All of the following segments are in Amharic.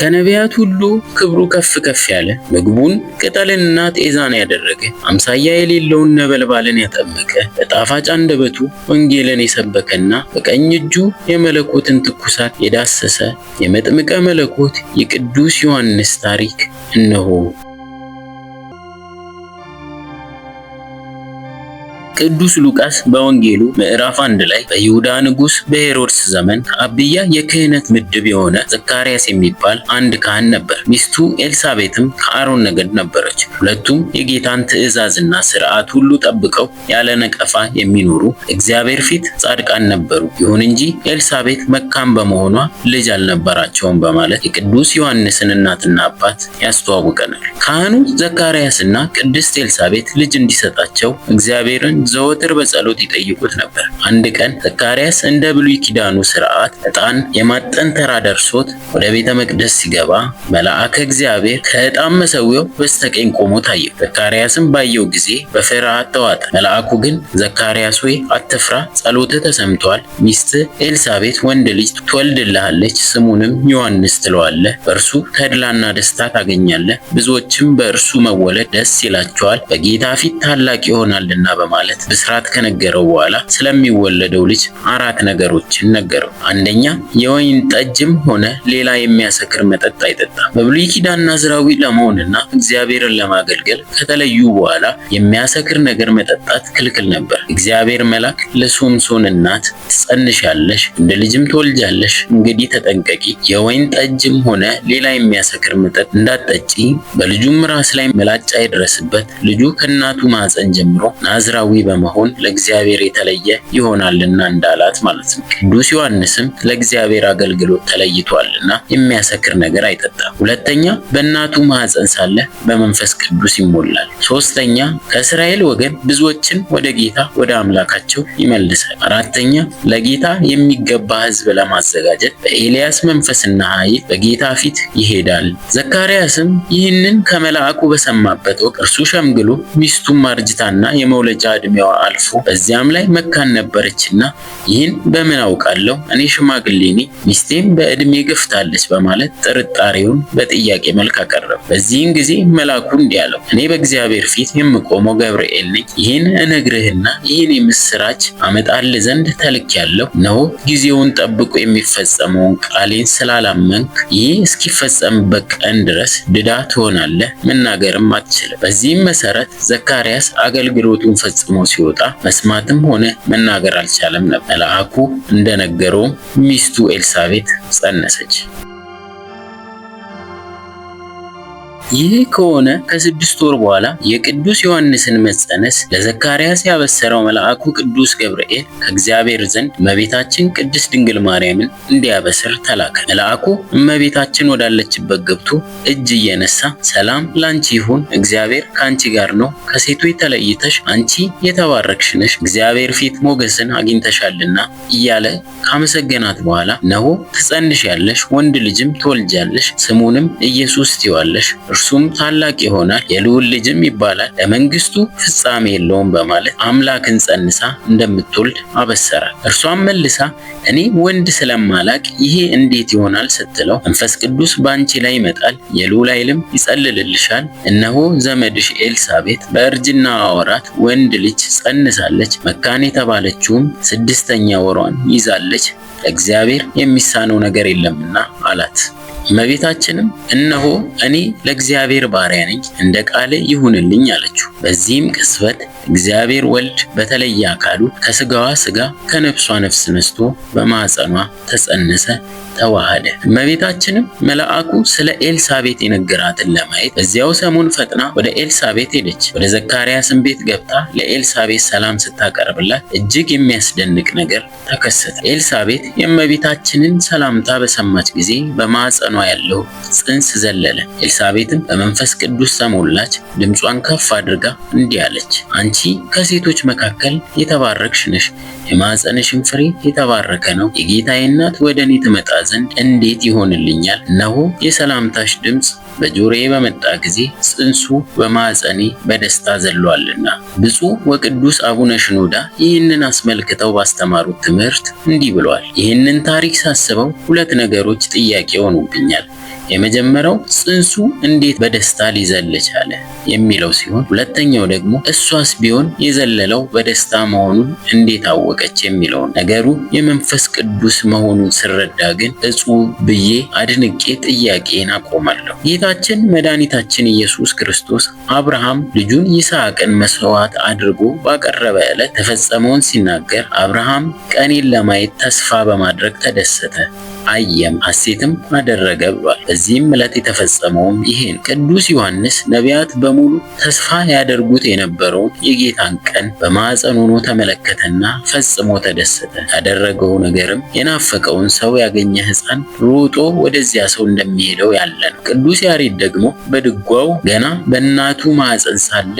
ከነቢያት ሁሉ ክብሩ ከፍ ከፍ ያለ ምግቡን ቅጠልንና ጤዛን ያደረገ አምሳያ የሌለውን ነበልባልን ያጠመቀ በጣፋጭ አንደበቱ ወንጌልን የሰበከና በቀኝ እጁ የመለኮትን ትኩሳት የዳሰሰ የመጥምቀ መለኮት የቅዱስ ዮሐንስ ታሪክ እነሆ። ቅዱስ ሉቃስ በወንጌሉ ምዕራፍ አንድ ላይ በይሁዳ ንጉሥ በሄሮድስ ዘመን ከአብያ የክህነት ምድብ የሆነ ዘካርያስ የሚባል አንድ ካህን ነበር። ሚስቱ ኤልሳቤትም ከአሮን ነገድ ነበረች። ሁለቱም የጌታን ትእዛዝና ስርዓት ሁሉ ጠብቀው ያለ ነቀፋ የሚኖሩ እግዚአብሔር ፊት ጻድቃን ነበሩ። ይሁን እንጂ ኤልሳቤት መካን በመሆኗ ልጅ አልነበራቸውም በማለት የቅዱስ ዮሐንስን እናትና አባት ያስተዋውቀናል። ካህኑ ዘካርያስና ቅድስት ኤልሳቤት ልጅ እንዲሰጣቸው እግዚአብሔርን ዘወትር በጸሎት ይጠይቁት ነበር። አንድ ቀን ዘካርያስ እንደ ብሉይ ኪዳኑ ስርዓት ዕጣን የማጠን ተራ ደርሶት ወደ ቤተ መቅደስ ሲገባ መልአከ እግዚአብሔር ከዕጣን መሰዊያው በስተቀኝ ቆሞ ታየው። ዘካርያስም ባየው ጊዜ በፍርሃት ተዋጠ። መልአኩ ግን ዘካርያስ ወይ አትፍራ፣ ጸሎት ተሰምቷል። ሚስት ኤልሳቤት ወንድ ልጅ ትወልድልሃለች፣ ስሙንም ዮሐንስ ትለዋለህ። በእርሱ ተድላና ደስታ ታገኛለህ፣ ብዙዎችም በእርሱ መወለድ ደስ ይላቸዋል። በጌታ ፊት ታላቅ ይሆናልና በማለት በማለት ብስራት ከነገረው በኋላ ስለሚወለደው ልጅ አራት ነገሮችን ነገረው። አንደኛ የወይን ጠጅም ሆነ ሌላ የሚያሰክር መጠጥ አይጠጣ። በብሉይ ኪዳን ናዝራዊ ለመሆንና እግዚአብሔርን ለማገልገል ከተለዩ በኋላ የሚያሰክር ነገር መጠጣት ክልክል ነበር። እግዚአብሔር መልአክ ለሶምሶን እናት ትጸንሻለሽ፣ እንደ ልጅም ትወልጃለሽ፣ እንግዲህ ተጠንቀቂ፣ የወይን ጠጅም ሆነ ሌላ የሚያሰክር መጠጥ እንዳትጠጪ፣ በልጁም ራስ ላይ መላጫ ይድረስበት፣ ልጁ ከእናቱ ማኅፀን ጀምሮ ናዝራዊ በመሆን ለእግዚአብሔር የተለየ ይሆናልና እንዳላት ማለት ነው። ቅዱስ ዮሐንስም ለእግዚአብሔር አገልግሎት ተለይቷልና የሚያሰክር ነገር አይጠጣም። ሁለተኛ በእናቱ ማኅፀን ሳለ በመንፈስ ቅዱስ ይሞላል። ሶስተኛ ከእስራኤል ወገን ብዙዎችን ወደ ጌታ ወደ አምላካቸው ይመልሳል። አራተኛ ለጌታ የሚገባ ሕዝብ ለማዘጋጀት በኤልያስ መንፈስና ኃይል በጌታ ፊት ይሄዳል። ዘካርያስም ይህንን ከመልአኩ በሰማበት ወቅት እርሱ ሸምግሎ ሚስቱም አርጅታና የመውለጃ ዕድሜ ከዕድሜዋ አልፎ በዚያም ላይ መካን ነበረችና ይህን በምን አውቃለሁ እኔ ሽማግሌ ነኝ፣ ሚስቴም በእድሜ ገፍታለች በማለት ጥርጣሬውን በጥያቄ መልክ አቀረበ። በዚህን ጊዜ መልአኩ እንዲህ አለው፣ እኔ በእግዚአብሔር ፊት የምቆመው ገብርኤል ነኝ። ይህን እነግርህና ይህን የምስራች አመጣልህ ዘንድ ተልኬያለሁ። ነው ጊዜውን ጠብቆ የሚፈጸመውን ቃሌን ስላላመንክ ይህ እስኪፈጸምበት ቀን ድረስ ድዳ ትሆናለህ፣ መናገርም አትችልም። በዚህም መሰረት ዘካርያስ አገልግሎቱን ፈጽሞ ሲወጣ መስማትም ሆነ መናገር አልቻለም ነበር። መልአኩ እንደነገረውም ሚስቱ ኤልሳቤት ጸነሰች። ይህ ከሆነ ከስድስት ወር በኋላ የቅዱስ ዮሐንስን መጸነስ ለዘካርያስ ያበሰረው መልአኩ ቅዱስ ገብርኤል ከእግዚአብሔር ዘንድ እመቤታችን ቅድስት ድንግል ማርያምን እንዲያበስር ተላከ። መልአኩ እመቤታችን ወዳለችበት ገብቶ እጅ እየነሳ ሰላም ላንቺ ይሁን፣ እግዚአብሔር ከአንቺ ጋር ነው፣ ከሴቱ የተለይተሽ አንቺ የተባረክሽ ነሽ፣ እግዚአብሔር ፊት ሞገስን አግኝተሻልና እያለ ካመሰገናት በኋላ ነሆ ትጸንሽ ያለሽ ወንድ ልጅም ትወልጃለሽ፣ ስሙንም ኢየሱስ ትይዋለሽ እርሱም ታላቅ ይሆናል፣ የልዑል ልጅም ይባላል፣ ለመንግስቱ ፍጻሜ የለውም በማለት አምላክን ጸንሳ እንደምትወልድ አበሰራል። እርሷም መልሳ እኔ ወንድ ስለማላቅ ይሄ እንዴት ይሆናል ስትለው መንፈስ ቅዱስ በአንቺ ላይ ይመጣል፣ የልዑል ኃይልም ይጸልልልሻል። እነሆ ዘመድሽ ኤልሳቤት በእርጅና ወራት ወንድ ልጅ ጸንሳለች፣ መካን የተባለችውም ስድስተኛ ወሯን ይዛለች፣ ለእግዚአብሔር የሚሳነው ነገር የለምና አላት። እመቤታችንም እነሆ እኔ ለእግዚአብሔር ባሪያ ነኝ፣ እንደ ቃል ይሁንልኝ አለችው። በዚህም ቅስበት እግዚአብሔር ወልድ በተለየ አካሉ ከስጋዋ ስጋ ከነፍሷ ነፍስ ነስቶ በማኅፀኗ ተጸነሰ ተዋሃደ። እመቤታችንም መልአኩ ስለ ኤልሳቤት የነገራትን ለማየት በዚያው ሰሞን ፈጥና ወደ ኤልሳቤት ሄደች። ወደ ዘካርያስን ቤት ገብታ ለኤልሳቤት ሰላም ስታቀርብላት እጅግ የሚያስደንቅ ነገር ተከሰተ። ኤልሳቤት የእመቤታችንን ሰላምታ በሰማች ጊዜ በማኅፀኗ በዙፋኗ ያለው ጽንስ ዘለለ። ኤልሳቤትም በመንፈስ ቅዱስ ተሞላች፣ ድምጿን ከፍ አድርጋ እንዲህ አለች፣ አንቺ ከሴቶች መካከል የተባረክሽ ነሽ፣ የማኅፀንሽም ፍሬ የተባረከ ነው። የጌታዬ እናት ወደ እኔ ትመጣ ዘንድ እንዴት ይሆንልኛል? እነሆ የሰላምታሽ ድምፅ በጆሮዬ በመጣ ጊዜ ጽንሱ በማዕፀኔ በደስታ ዘሏልና። ብፁዕ ወቅዱስ አቡነ ሽኖዳ ይህንን አስመልክተው ባስተማሩት ትምህርት እንዲህ ብለዋል። ይህንን ታሪክ ሳስበው ሁለት ነገሮች ጥያቄ ሆኑብኛል። የመጀመሪያው ጽንሱ እንዴት በደስታ ሊዘል ቻለ የሚለው ሲሆን ሁለተኛው ደግሞ እሷስ ቢሆን የዘለለው በደስታ መሆኑን እንዴት አወቀች የሚለውን። ነገሩ የመንፈስ ቅዱስ መሆኑን ስረዳ ግን እጹብ ብዬ አድንቄ ጥያቄን አቆማለሁ። ጌታችን መድኃኒታችን ኢየሱስ ክርስቶስ አብርሃም ልጁን ይስሐቅን መስዋዕት አድርጎ ባቀረበ ዕለት ተፈጸመውን ሲናገር አብርሃም ቀኔን ለማየት ተስፋ በማድረግ ተደሰተ። አየም ሐሴትም አደረገ ብሏል። በዚህም ዕለት የተፈጸመውም ይሄ ቅዱስ ዮሐንስ ነቢያት በሙሉ ተስፋ ያደርጉት የነበረውን የጌታን ቀን በማኅፀን ሆኖ ተመለከተና ፈጽሞ ተደሰተ። ያደረገው ነገርም የናፈቀውን ሰው ያገኘ ሕፃን ሮጦ ወደዚያ ሰው እንደሚሄደው ያለ ነው። ቅዱስ ያሬድ ደግሞ በድጓው ገና በእናቱ ማዕፀን ሳለ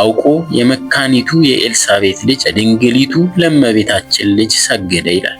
አውቆ የመካኒቱ የኤልሳቤት ልጅ ድንግሊቱ ለመቤታችን ልጅ ሰገደ ይላል።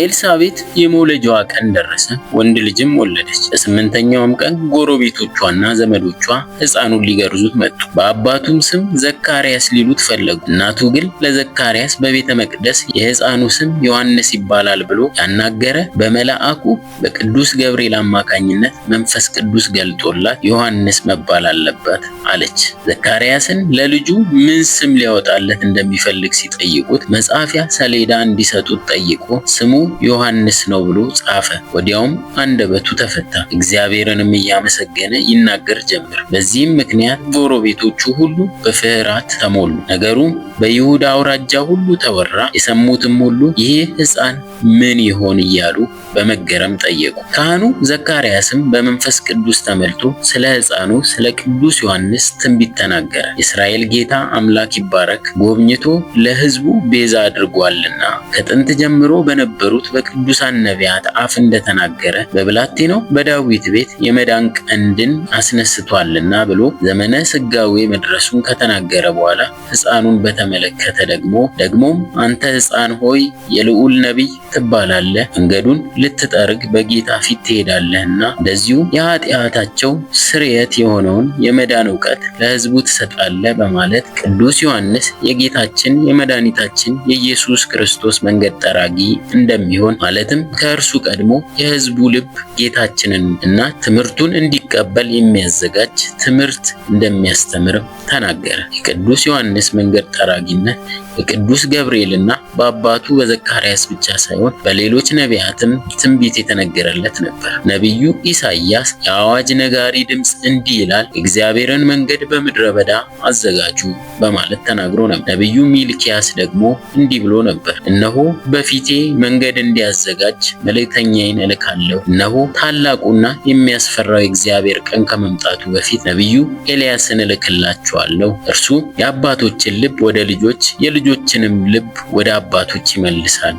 ኤልሳቤት የመውለጃዋ ቀን ደረሰ፣ ወንድ ልጅም ወለደች። በስምንተኛውም ቀን ጎረቤቶቿና ዘመዶቿ ሕፃኑን ሊገርዙት መጡ። በአባቱም ስም ዘካርያስ ሊሉት ፈለጉ። እናቱ ግን ለዘካርያስ በቤተ መቅደስ የሕፃኑ ስም ዮሐንስ ይባላል ብሎ ያናገረ በመልአኩ በቅዱስ ገብርኤል አማካኝነት መንፈስ ቅዱስ ገልጦላት ዮሐንስ መባል አለበት አለች። ዘካርያስን ለልጁ ምን ስም ሊያወጣለት እንደሚፈልግ ሲጠይቁት መጻፊያ ሰሌዳ እንዲሰጡት ጠይቆ ስሙ ዮሐንስ ነው ብሎ ጻፈ። ወዲያውም አንደበቱ ተፈታ፣ እግዚአብሔርንም እያመሰገነ ይናገር ጀመር። በዚህም ምክንያት ጎረቤቶቹ ሁሉ በፍርሃት ተሞሉ። ነገሩ በይሁዳ አውራጃ ሁሉ ተወራ። የሰሙትም ሁሉ ይህ ሕፃን ምን ይሆን እያሉ በመገረም ጠየቁ። ካህኑ ዘካርያስም በመንፈስ ቅዱስ ተመልቶ ስለ ሕፃኑ ስለ ቅዱስ ዮሐንስ ትንቢት ተናገረ። የእስራኤል ጌታ አምላክ ይባረክ፣ ጎብኝቶ ለሕዝቡ ቤዛ አድርጓልና ከጥንት ጀምሮ በነበሩ የተናገሩት በቅዱሳን ነቢያት አፍ እንደተናገረ በብላቴናው በዳዊት ቤት የመዳን ቀንድን አስነስቷልና ብሎ ዘመነ ስጋዌ መድረሱን ከተናገረ በኋላ ሕፃኑን በተመለከተ ደግሞ ደግሞም አንተ ሕፃን ሆይ የልዑል ነቢይ ትባላለህ፣ መንገዱን ልትጠርግ በጌታ ፊት ትሄዳለህና እንደዚሁ የኃጢአታቸው ስርየት የሆነውን የመዳን እውቀት ለሕዝቡ ትሰጣለህ በማለት ቅዱስ ዮሐንስ የጌታችን የመድኃኒታችን የኢየሱስ ክርስቶስ መንገድ ጠራጊ እንደ እንደሚሆን ማለትም ከእርሱ ቀድሞ የህዝቡ ልብ ጌታችንን እና ትምህርቱን እንዲቀበል የሚያዘጋጅ ትምህርት እንደሚያስተምርም ተናገረ። የቅዱስ ዮሐንስ መንገድ ጠራጊነት በቅዱስ ገብርኤልና በአባቱ በዘካርያስ ብቻ ሳይሆን በሌሎች ነቢያትም ትንቢት የተነገረለት ነበር። ነቢዩ ኢሳይያስ የአዋጅ ነጋሪ ድምፅ እንዲህ ይላል፣ እግዚአብሔርን መንገድ በምድረ በዳ አዘጋጁ በማለት ተናግሮ ነበር። ነቢዩ ሚልኪያስ ደግሞ እንዲህ ብሎ ነበር፣ እነሆ በፊቴ መንገድ እንዲያዘጋጅ መልእክተኛዬን እልካለሁ። እነሆ ታላቁና የሚያስፈራው የእግዚአብሔር ቀን ከመምጣቱ በፊት ነቢዩ ኤልያስን እልክላችኋለሁ። እርሱ የአባቶችን ልብ ወደ ልጆች የልጆ የልጆችንም ልብ ወደ አባቶች ይመልሳል።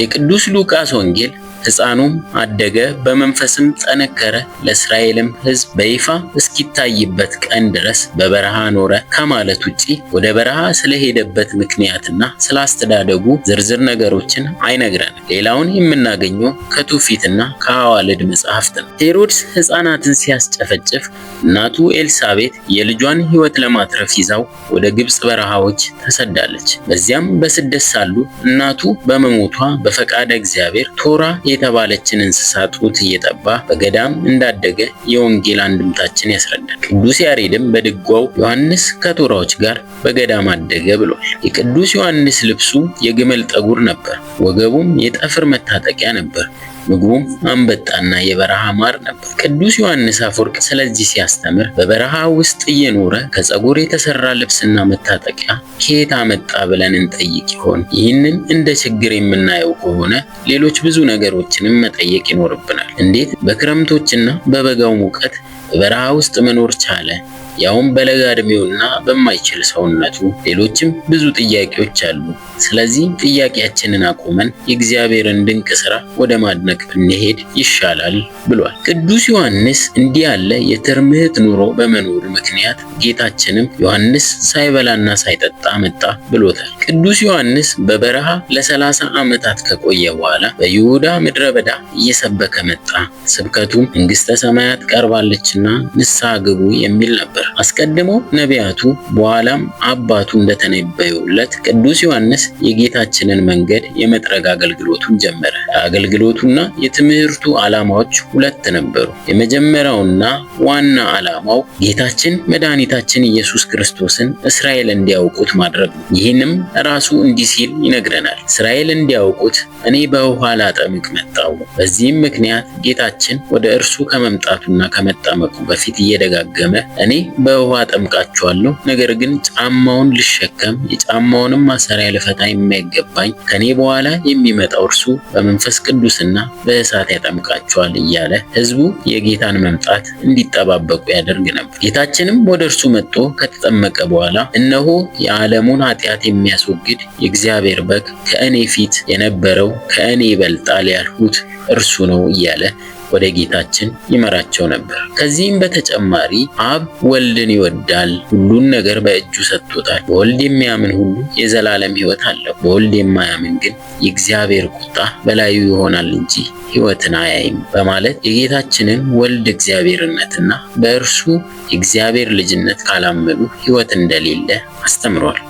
የቅዱስ ሉቃስ ወንጌል ሕፃኑም አደገ፣ በመንፈስም ጠነከረ። ለእስራኤልም ሕዝብ በይፋ እስኪታይበት ቀን ድረስ በበረሃ ኖረ ከማለት ውጪ ወደ በረሃ ስለሄደበት ምክንያትና ስላስተዳደጉ ዝርዝር ነገሮችን አይነግረን። ሌላውን የምናገኘው ከትውፊትና ከአዋልድ መጽሐፍት ነው። ሄሮድስ ሕፃናትን ሲያስጨፈጭፍ እናቱ ኤልሳቤት የልጇን ሕይወት ለማትረፍ ይዛው ወደ ግብፅ በረሃዎች ተሰዳለች። በዚያም በስደት ሳሉ እናቱ በመሞቷ በፈቃደ እግዚአብሔር ቶራ የተባለችን እንስሳ ጡት እየጠባ በገዳም እንዳደገ የወንጌል አንድምታችን ያስረዳል። ቅዱስ ያሬድም በድጓው ዮሐንስ ከቶራዎች ጋር በገዳም አደገ ብሏል። የቅዱስ ዮሐንስ ልብሱ የግመል ጠጉር ነበር፣ ወገቡም የጠፍር መታጠቂያ ነበር። ምግቡም አንበጣና የበረሃ ማር ነበር። ቅዱስ ዮሐንስ አፈወርቅ ስለዚህ ሲያስተምር በበረሃ ውስጥ እየኖረ ከፀጉር የተሰራ ልብስና መታጠቂያ ከየት አመጣ ብለን እንጠይቅ ይሆን? ይህንን እንደ ችግር የምናየው ከሆነ ሌሎች ብዙ ነገሮችንም መጠየቅ ይኖርብናል። እንዴት በክረምቶችና በበጋው ሙቀት በበረሃ ውስጥ መኖር ቻለ? ያውም በለጋ እድሜውና በማይችል ሰውነቱ። ሌሎችም ብዙ ጥያቄዎች አሉ። ስለዚህ ጥያቄያችንን አቁመን የእግዚአብሔርን ድንቅ ስራ ወደ ማድነቅ ብንሄድ ይሻላል ብሏል። ቅዱስ ዮሐንስ እንዲህ ያለ የትርምህት ኑሮ በመኖሩ ምክንያት ጌታችንም ዮሐንስ ሳይበላና ሳይጠጣ መጣ ብሎታል። ቅዱስ ዮሐንስ በበረሃ ለሰላሳ ዓመታት ከቆየ በኋላ በይሁዳ ምድረ በዳ እየሰበከ መጣ። ስብከቱም መንግሥተ ሰማያት ቀርባለችና ንስሐ ግቡ የሚል ነበር። አስቀድሞ ነቢያቱ በኋላም አባቱ እንደተነበዩለት ቅዱስ ዮሐንስ የጌታችንን መንገድ የመጥረግ አገልግሎቱን ጀመረ። የአገልግሎቱና የትምህርቱ ዓላማዎች ሁለት ነበሩ። የመጀመሪያውና ዋና ዓላማው ጌታችን መድኃኒታችን ኢየሱስ ክርስቶስን እስራኤል እንዲያውቁት ማድረግ ነው። ይህንም ራሱ እንዲህ ሲል ይነግረናል። እስራኤል እንዲያውቁት እኔ በውኃ ላጠምቅ መጣሁ። በዚህም ምክንያት ጌታችን ወደ እርሱ ከመምጣቱና ከመጣመቁ በፊት እየደጋገመ እኔ በውሃ አጠምቃችኋለሁ፣ ነገር ግን ጫማውን ልሸከም የጫማውንም ማሰሪያ ልፈታ የማይገባኝ ከኔ በኋላ የሚመጣው እርሱ በመንፈስ ቅዱስና በእሳት ያጠምቃችኋል እያለ ህዝቡ የጌታን መምጣት እንዲጠባበቁ ያደርግ ነበር። ጌታችንም ወደ እርሱ መጥቶ ከተጠመቀ በኋላ እነሆ የዓለሙን ኃጢአት የሚያስወግድ የእግዚአብሔር በግ ከእኔ ፊት የነበረው ከእኔ ይበልጣል ያልሁት እርሱ ነው እያለ ወደ ጌታችን ይመራቸው ነበር። ከዚህም በተጨማሪ አብ ወልድን ይወዳል፣ ሁሉን ነገር በእጁ ሰጥቶታል። በወልድ የሚያምን ሁሉ የዘላለም ሕይወት አለው፣ በወልድ የማያምን ግን የእግዚአብሔር ቁጣ በላዩ ይሆናል እንጂ ሕይወትን አያይም በማለት የጌታችንን ወልድ እግዚአብሔርነትና በእርሱ የእግዚአብሔር ልጅነት ካላመኑ ሕይወት እንደሌለ አስተምሯል።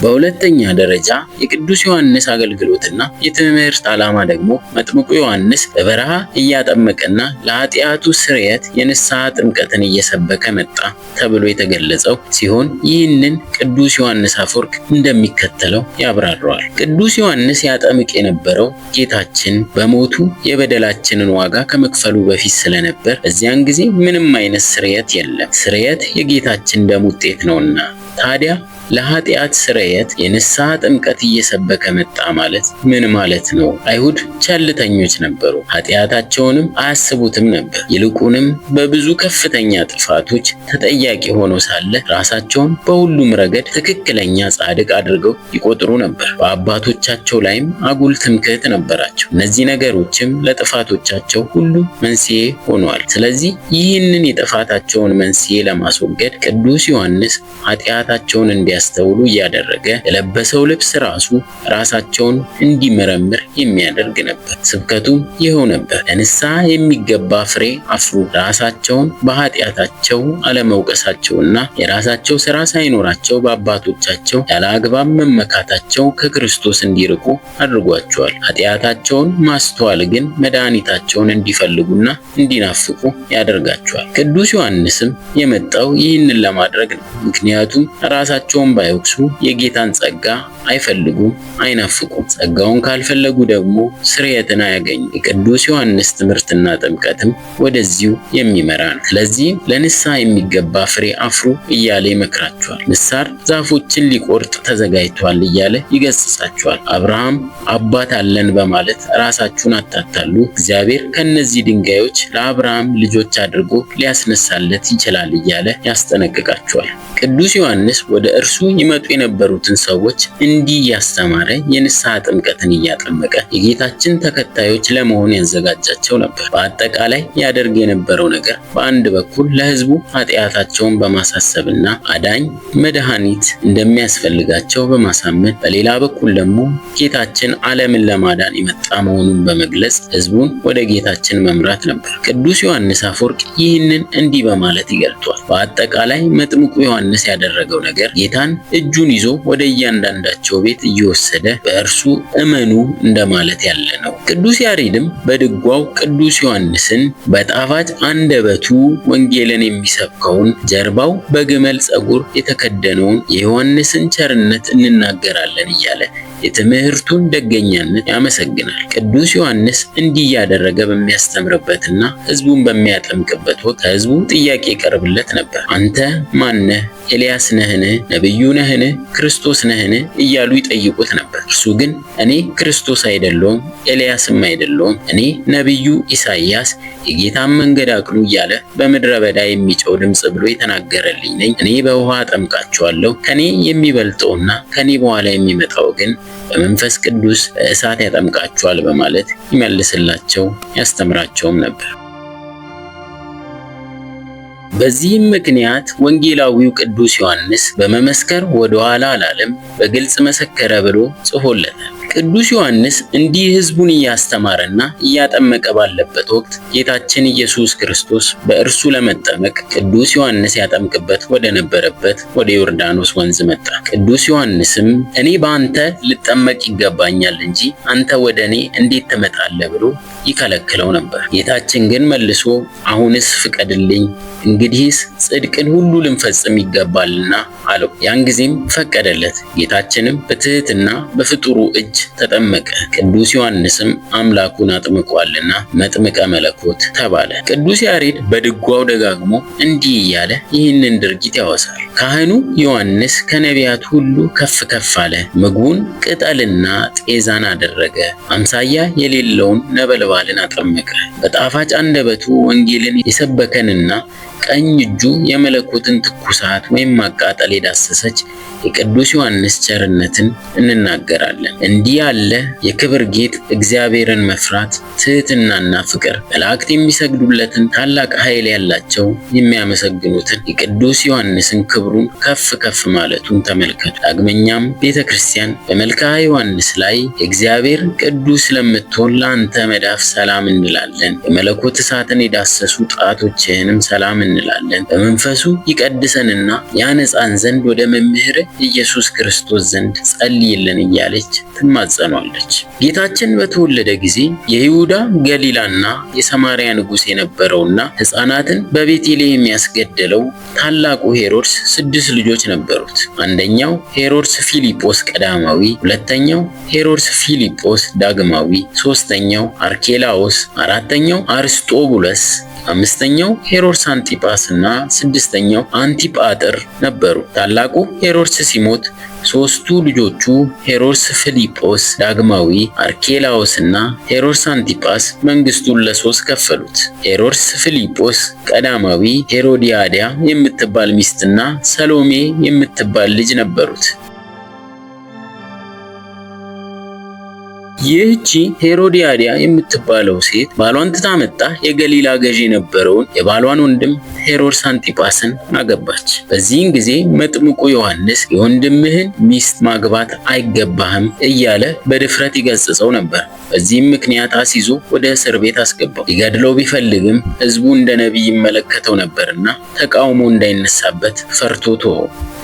በሁለተኛ ደረጃ የቅዱስ ዮሐንስ አገልግሎትና የትምህርት ዓላማ ደግሞ መጥምቁ ዮሐንስ በበረሃ እያጠመቀና ለኃጢአቱ ስርየት የንስሐ ጥምቀትን እየሰበከ መጣ ተብሎ የተገለጸው ሲሆን ይህንን ቅዱስ ዮሐንስ አፈወርቅ እንደሚከተለው ያብራረዋል። ቅዱስ ዮሐንስ ያጠምቅ የነበረው ጌታችን በሞቱ የበደላችንን ዋጋ ከመክፈሉ በፊት ስለነበር በዚያን ጊዜ ምንም አይነት ስርየት የለም። ስርየት የጌታችን ደም ውጤት ነውና ታዲያ ለኃጢአት ስርየት የንስሐ ጥምቀት እየሰበከ መጣ ማለት ምን ማለት ነው? አይሁድ ቸልተኞች ነበሩ። ኃጢአታቸውንም አያስቡትም ነበር። ይልቁንም በብዙ ከፍተኛ ጥፋቶች ተጠያቂ ሆኖ ሳለ ራሳቸውን በሁሉም ረገድ ትክክለኛ ጻድቅ አድርገው ይቆጥሩ ነበር። በአባቶቻቸው ላይም አጉል ትምክህት ነበራቸው። እነዚህ ነገሮችም ለጥፋቶቻቸው ሁሉ መንስኤ ሆነዋል። ስለዚህ ይህንን የጥፋታቸውን መንስኤ ለማስወገድ ቅዱስ ዮሐንስ ኃጢአታቸውን እንዲያ እንዲያስተውሉ እያደረገ የለበሰው ልብስ ራሱ ራሳቸውን እንዲመረምር የሚያደርግ ነበር። ስብከቱም ይኸው ነበር፣ ለንስሐ የሚገባ ፍሬ አፍሩ፣ ራሳቸውን በኃጢአታቸው አለመውቀሳቸውና የራሳቸው ስራ ሳይኖራቸው በአባቶቻቸው ያለ አግባብ መመካታቸው ከክርስቶስ እንዲርቁ አድርጓቸዋል። ኃጢአታቸውን ማስተዋል ግን መድኃኒታቸውን እንዲፈልጉና እንዲናፍቁ ያደርጋቸዋል። ቅዱስ ዮሐንስም የመጣው ይህንን ለማድረግ ነው። ምክንያቱም ራሳቸውን ጸጋውን ባይወቅሱ የጌታን ጸጋ አይፈልጉም፣ አይናፍቁም። ጸጋውን ካልፈለጉ ደግሞ ስርየትን አያገኙ። የቅዱስ ዮሐንስ ትምህርትና ጥምቀትም ወደዚሁ የሚመራ ነው። ስለዚህ ለንስሐ የሚገባ ፍሬ አፍሩ እያለ ይመክራቸዋል። ንሳር ዛፎችን ሊቆርጥ ተዘጋጅቷል እያለ ይገስጻቸዋል። አብርሃም አባት አለን በማለት ራሳችሁን አታታሉ። እግዚአብሔር ከነዚህ ድንጋዮች ለአብርሃም ልጆች አድርጎ ሊያስነሳለት ይችላል እያለ ያስጠነቅቃቸዋል። ቅዱስ ዮሐንስ ወደ እርሱ እርሱ ይመጡ የነበሩትን ሰዎች እንዲህ እያስተማረ የንስሐ ጥምቀትን እያጠመቀ የጌታችን ተከታዮች ለመሆን ያዘጋጃቸው ነበር። በአጠቃላይ ያደርግ የነበረው ነገር በአንድ በኩል ለሕዝቡ ኃጢአታቸውን በማሳሰብና አዳኝ መድኃኒት እንደሚያስፈልጋቸው በማሳመን በሌላ በኩል ደግሞ ጌታችን ዓለምን ለማዳን የመጣ መሆኑን በመግለጽ ሕዝቡን ወደ ጌታችን መምራት ነበር። ቅዱስ ዮሐንስ አፈወርቅ ይህንን እንዲህ በማለት ይገልጧል። በአጠቃላይ መጥምቁ ዮሐንስ ያደረገው ነገር ጌታ ጌታን እጁን ይዞ ወደ እያንዳንዳቸው ቤት እየወሰደ በእርሱ እመኑ እንደማለት ያለ ነው። ቅዱስ ያሬድም በድጓው ቅዱስ ዮሐንስን በጣፋጭ አንደበቱ ወንጌልን የሚሰብከውን ጀርባው በግመል ጸጉር የተከደነውን የዮሐንስን ቸርነት እንናገራለን እያለ የትምህርቱን ደገኛነት ያመሰግናል። ቅዱስ ዮሐንስ እንዲህ እያደረገ በሚያስተምርበትና ሕዝቡን በሚያጠምቅበት ወቅት ከሕዝቡ ጥያቄ ይቀርብለት ነበር። አንተ ማነህ? ኤልያስ ነህን? ነቢዩ ነህን? ክርስቶስ ነህን? እያሉ ይጠይቁት ነበር። እርሱ ግን እኔ ክርስቶስ አይደለውም፣ ኤልያስም አይደለውም፣ እኔ ነቢዩ ኢሳይያስ የጌታን መንገድ አቅኑ እያለ በምድረ በዳ የሚጨው ድምፅ ብሎ የተናገረልኝ ነኝ። እኔ በውሃ አጠምቃችኋለሁ፣ ከኔ የሚበልጠውና ከኔ በኋላ የሚመጣው ግን በመንፈስ ቅዱስ እሳት ያጠምቃችኋል በማለት ይመልስላቸው ያስተምራቸውም ነበር። በዚህም ምክንያት ወንጌላዊው ቅዱስ ዮሐንስ በመመስከር ወደ ኋላ አላለም፣ በግልጽ መሰከረ ብሎ ጽፎለታል። ቅዱስ ዮሐንስ እንዲህ ሕዝቡን እያስተማረና እያጠመቀ ባለበት ወቅት ጌታችን ኢየሱስ ክርስቶስ በእርሱ ለመጠመቅ ቅዱስ ዮሐንስ ያጠምቅበት ወደ ነበረበት ወደ ዮርዳኖስ ወንዝ መጣ። ቅዱስ ዮሐንስም እኔ በአንተ ልጠመቅ ይገባኛል እንጂ አንተ ወደ እኔ እንዴት ትመጣለህ ብሎ ይከለክለው ነበር። ጌታችን ግን መልሶ አሁንስ ፍቀድልኝ፣ እንግዲህስ ጽድቅን ሁሉ ልንፈጽም ይገባልና አለው። ያን ጊዜም ፈቀደለት። ጌታችንም በትህትና በፍጡሩ እጅ እጅ ተጠመቀ። ቅዱስ ዮሐንስም አምላኩን አጥምቋልና መጥምቀ መለኮት ተባለ። ቅዱስ ያሬድ በድጓው ደጋግሞ እንዲህ እያለ ይህንን ድርጊት ያወሳል። ካህኑ ዮሐንስ ከነቢያት ሁሉ ከፍ ከፍ አለ፣ ምግቡን ቅጠልና ጤዛን አደረገ፣ አምሳያ የሌለውን ነበልባልን አጠመቀ። በጣፋጭ አንደበቱ ወንጌልን የሰበከንና ቀኝ እጁ የመለኮትን ትኩሳት ወይም ማቃጠል የዳሰሰች የቅዱስ ዮሐንስ ቸርነትን እንናገራለን። እንዲህ ያለ የክብር ጌጥ እግዚአብሔርን መፍራት፣ ትህትናና ፍቅር መላእክት የሚሰግዱለትን ታላቅ ኃይል ያላቸው የሚያመሰግኑትን የቅዱስ ዮሐንስን ክብሩን ከፍ ከፍ ማለቱን ተመልከቱ። ዳግመኛም ቤተ ክርስቲያን በመልክዓ ዮሐንስ ላይ የእግዚአብሔር ቅዱስ ለምትሆን ለአንተ መዳፍ ሰላም እንላለን የመለኮት እሳትን የዳሰሱ ጣቶችህንም ሰላም እንላለን። በመንፈሱ ይቀድሰንና ያነጻን ዘንድ ወደ መምህር ኢየሱስ ክርስቶስ ዘንድ ጸልይልን እያለች ትማጸኗለች። ጌታችን በተወለደ ጊዜ የይሁዳ ገሊላና የሰማርያ ንጉሥ የነበረውና ሕፃናትን በቤተልሔም ያስገደለው ታላቁ ሄሮድስ ስድስት ልጆች ነበሩት። አንደኛው ሄሮድስ ፊሊጶስ ቀዳማዊ፣ ሁለተኛው ሄሮድስ ፊሊጶስ ዳግማዊ፣ ሦስተኛው አርኬላዎስ፣ አራተኛው አርስጦቡለስ፣ አምስተኛው ሄሮድስ አንጢጳ እና ስድስተኛው አንቲጳጥር ነበሩ። ታላቁ ሄሮድስ ሲሞት ሶስቱ ልጆቹ ሄሮድስ ፊሊጶስ ዳግማዊ፣ አርኬላዎስና ሄሮድስ አንቲጳስ መንግስቱን ለሶስት ከፈሉት። ሄሮድስ ፊሊጶስ ቀዳማዊ ሄሮዲያዳ የምትባል ሚስትና ሰሎሜ የምትባል ልጅ ነበሩት። ይህቺ ሄሮዲያዲያ የምትባለው ሴት ባሏን ትታመጣ የገሊላ ገዢ የነበረውን የባሏን ወንድም ሄሮድስ አንቲጳስን አገባች። በዚህን ጊዜ መጥምቁ ዮሐንስ የወንድምህን ሚስት ማግባት አይገባህም እያለ በድፍረት ይገጽጸው ነበር። በዚህም ምክንያት አስይዞ ወደ እስር ቤት አስገባው። ሊገድለው ቢፈልግም ህዝቡ እንደ ነቢይ ይመለከተው ነበርና ተቃውሞ እንዳይነሳበት ፈርቶ ተወ።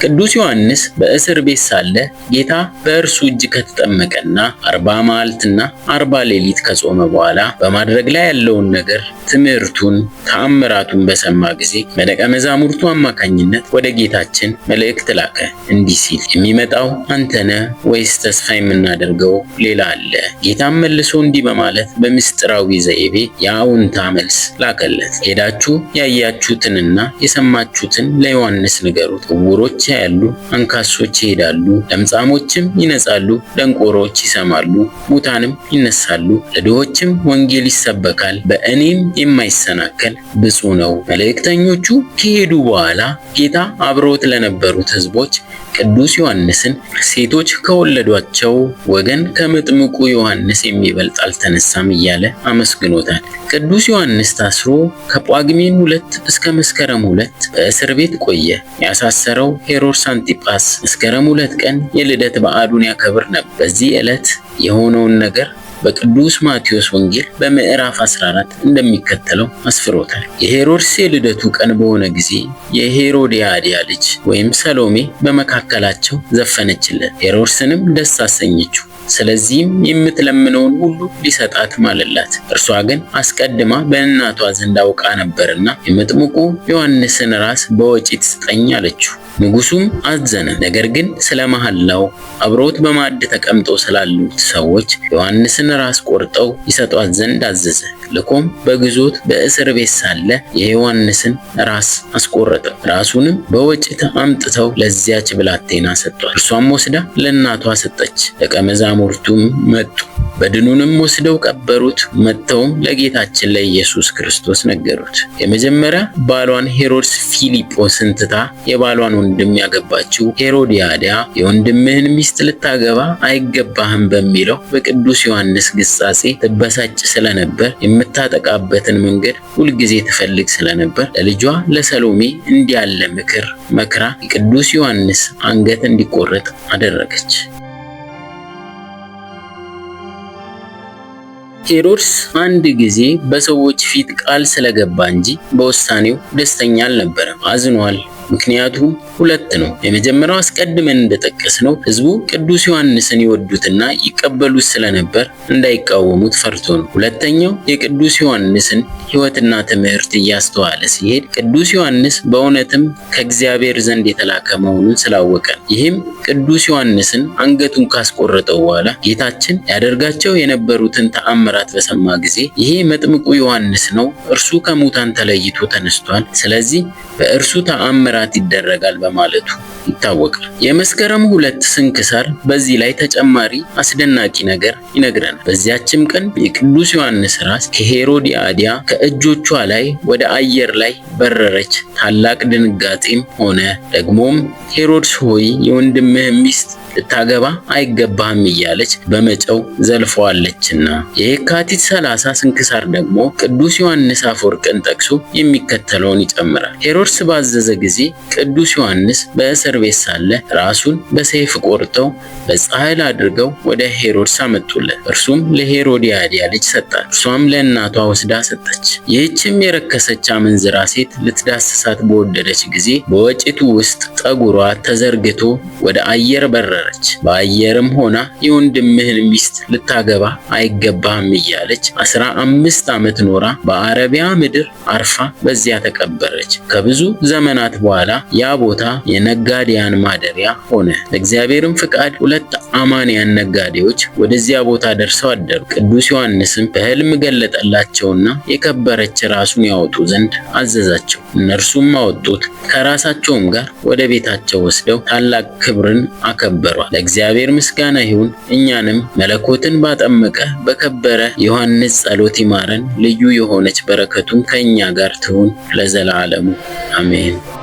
ቅዱስ ዮሐንስ በእስር ቤት ሳለ ጌታ በእርሱ እጅ ከተጠመቀና አርባ መዓልትና አርባ ሌሊት ከጾመ በኋላ በማድረግ ላይ ያለውን ነገር ትምህርቱን፣ ተአምራቱን በሰማ ጊዜ በደቀ መዛሙርቱ አማካኝነት ወደ ጌታችን መልእክት ላከ እንዲህ ሲል የሚመጣው አንተነ ወይስ ተስፋ የምናደርገው ሌላ አለ? ጌታም መልሶ እንዲህ በማለት በምስጢራዊ ዘይቤ የአውንታ መልስ ላከለት። ሄዳችሁ ያያችሁትንና የሰማችሁትን ለዮሐንስ ንገሩት። ዕውሮች ያያሉ፣ አንካሶች ይሄዳሉ፣ ለምጻሞችም ይነጻሉ፣ ደንቆሮች ይሰማሉ፣ ሙታንም ይነሳሉ፣ ለድሆችም ወንጌል ይሰበካል። በእኔም የማይሰናከል ብፁ ነው። መልእክተኞቹ ከሄዱ በኋላ ጌታ አብረውት ለነበሩት ሕዝቦች ቅዱስ ዮሐንስን ሴቶች ከወለዷቸው ወገን ከመጥምቁ ዮሐንስ የሚበልጥ አልተነሳም እያለ አመስግኖታል። ቅዱስ ዮሐንስ ታስሮ ከጳግሜን ሁለት እስከ መስከረም ሁለት በእስር ቤት ቆየ። ያሳሰረው ሄሮድስ አንቲጳስ መስከረም ሁለት ቀን የልደት በዓሉን ያከብር ነበር። በዚህ ዕለት የሆነውን ነገር በቅዱስ ማቴዎስ ወንጌል በምዕራፍ 14 እንደሚከተለው አስፍሮታል። የሄሮድስ የልደቱ ቀን በሆነ ጊዜ የሄሮድያዲያ ልጅ ወይም ሰሎሜ በመካከላቸው ዘፈነችለት፣ ሄሮድስንም ደስ አሰኘችው። ስለዚህም የምትለምነውን ሁሉ ሊሰጣት ማለላት። እርሷ ግን አስቀድማ በእናቷ ዘንድ አውቃ ነበርና የምጥምቁ ዮሐንስን ራስ በወጪት ስጠኝ አለችው። ንጉሱም አዘነ። ነገር ግን ስለ መሐላው አብረውት በማዕድ ተቀምጠው ስላሉት ሰዎች ዮሐንስን ራስ ቆርጠው ይሰጧት ዘንድ አዘዘ። ልኮም በግዞት በእስር ቤት ሳለ የዮሐንስን ራስ አስቆረጠ። ራሱንም በወጭት አምጥተው ለዚያች ብላቴና ሰጧል። እርሷም ወስዳ ለእናቷ ሰጠች። ደቀ መዛሙርቱም መጡ በድኑንም ወስደው ቀበሩት። መጥተውም ለጌታችን ለኢየሱስ ክርስቶስ ነገሩት። የመጀመሪያ ባሏን ሄሮድስ ፊሊጶስን ትታ የባሏን ወንድም ያገባችው ሄሮዲያዳ የወንድምህን ሚስት ልታገባ አይገባህም በሚለው በቅዱስ ዮሐንስ ግሳጼ ትበሳጭ ስለነበር የምታጠቃበትን መንገድ ሁልጊዜ ትፈልግ ስለነበር ለልጇ ለሰሎሜ እንዲያለ ምክር መክራ የቅዱስ ዮሐንስ አንገት እንዲቆረጥ አደረገች። ሄሮድስ አንድ ጊዜ በሰዎች ፊት ቃል ስለገባ እንጂ በውሳኔው ደስተኛ አልነበረም፣ አዝኗል። ምክንያቱም ሁለት ነው። የመጀመሪያው አስቀድመን እንደጠቀስ ነው ህዝቡ ቅዱስ ዮሐንስን ይወዱትና ይቀበሉት ስለነበር እንዳይቃወሙት ፈርቶ ነው። ሁለተኛው የቅዱስ ዮሐንስን ህይወትና ትምህርት እያስተዋለ ሲሄድ ቅዱስ ዮሐንስ በእውነትም ከእግዚአብሔር ዘንድ የተላከ መሆኑን ስላወቀ ነው። ይህም ቅዱስ ዮሐንስን አንገቱን ካስቆረጠው በኋላ ጌታችን ያደርጋቸው የነበሩትን ተአምራት በሰማ ጊዜ ይሄ መጥምቁ ዮሐንስ ነው፣ እርሱ ከሙታን ተለይቶ ተነስቷል። ስለዚህ በእርሱ ተአምራት እራት ይደረጋል በማለቱ ይታወቃል። የመስከረም ሁለት ስንክሳር በዚህ ላይ ተጨማሪ አስደናቂ ነገር ይነግረናል። በዚያችም ቀን የቅዱስ ዮሐንስ ራስ ከሄሮዲያዲያ ከእጆቿ ላይ ወደ አየር ላይ በረረች ታላቅ ድንጋጤም ሆነ። ደግሞም ሄሮድስ ሆይ የወንድምህ ሚስት ልታገባ አይገባህም እያለች በመጨው ዘልፈዋለችና። የካቲት ሰላሳ ስንክሳር ደግሞ ቅዱስ ዮሐንስ አፈወርቅን ጠቅሶ የሚከተለውን ይጨምራል። ሄሮድስ ባዘዘ ጊዜ ቅዱስ ዮሐንስ በእስር ቤት ሳለ ራሱን በሰይፍ ቆርጠው በፀሐይል አድርገው ወደ ሄሮድስ አመጡለት። እርሱም ለሄሮዲያዲያ ልጅ ሰጣት፣ እርሷም ለእናቷ ወስዳ ሰጠች። ይህችም የረከሰች አመንዝራ ሴት ልትዳስሳ ለማንሳት በወደደች ጊዜ በወጭቱ ውስጥ ጠጉሯ ተዘርግቶ ወደ አየር በረረች። በአየርም ሆና የወንድምህን ሚስት ልታገባ አይገባህም እያለች አስራ አምስት ዓመት ኖራ በአረቢያ ምድር አርፋ በዚያ ተቀበረች። ከብዙ ዘመናት በኋላ ያ ቦታ የነጋዴያን ማደሪያ ሆነ። እግዚአብሔርም ፍቃድ ሁለት አማንያን ነጋዴዎች ወደዚያ ቦታ ደርሰው አደሩ። ቅዱስ ዮሐንስም በሕልም ገለጠላቸውና የከበረች ራሱን ያወጡ ዘንድ አዘዛቸው። እነርሱ ከቤቱም አወጡት፣ ከራሳቸውም ጋር ወደ ቤታቸው ወስደው ታላቅ ክብርን አከበሯል። ለእግዚአብሔር ምስጋና ይሁን። እኛንም መለኮትን ባጠመቀ በከበረ ዮሐንስ ጸሎት ይማረን። ልዩ የሆነች በረከቱን ከእኛ ጋር ትሁን ለዘላለሙ አሜን።